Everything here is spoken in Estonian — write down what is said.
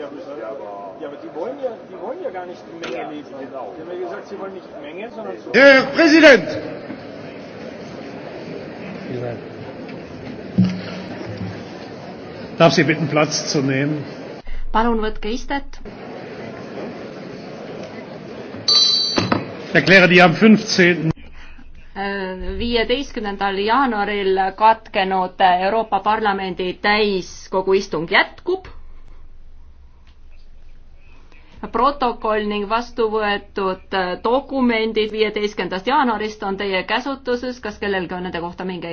Ja, ja, aber, ja, aber die wollen ja, die wollen ja gar nicht die Menge ja, liefern. Genau. Die haben ja gesagt, sie wollen nicht die Menge, sondern so. Herr Präsident! Vielen Dank. Darf Sie bitten, Platz zu nehmen? Palun võtke istet. Erkläre die am 15 äh, viieteistkümnendal jaanuaril katkenud Euroopa Parlamendi täiskogu istung jätkub protokoll ning vastu võetud äh, dokumendid viieteistkümnendast jaanuarist on teie käsutuses, kas kellelgi on nende kohta mingeid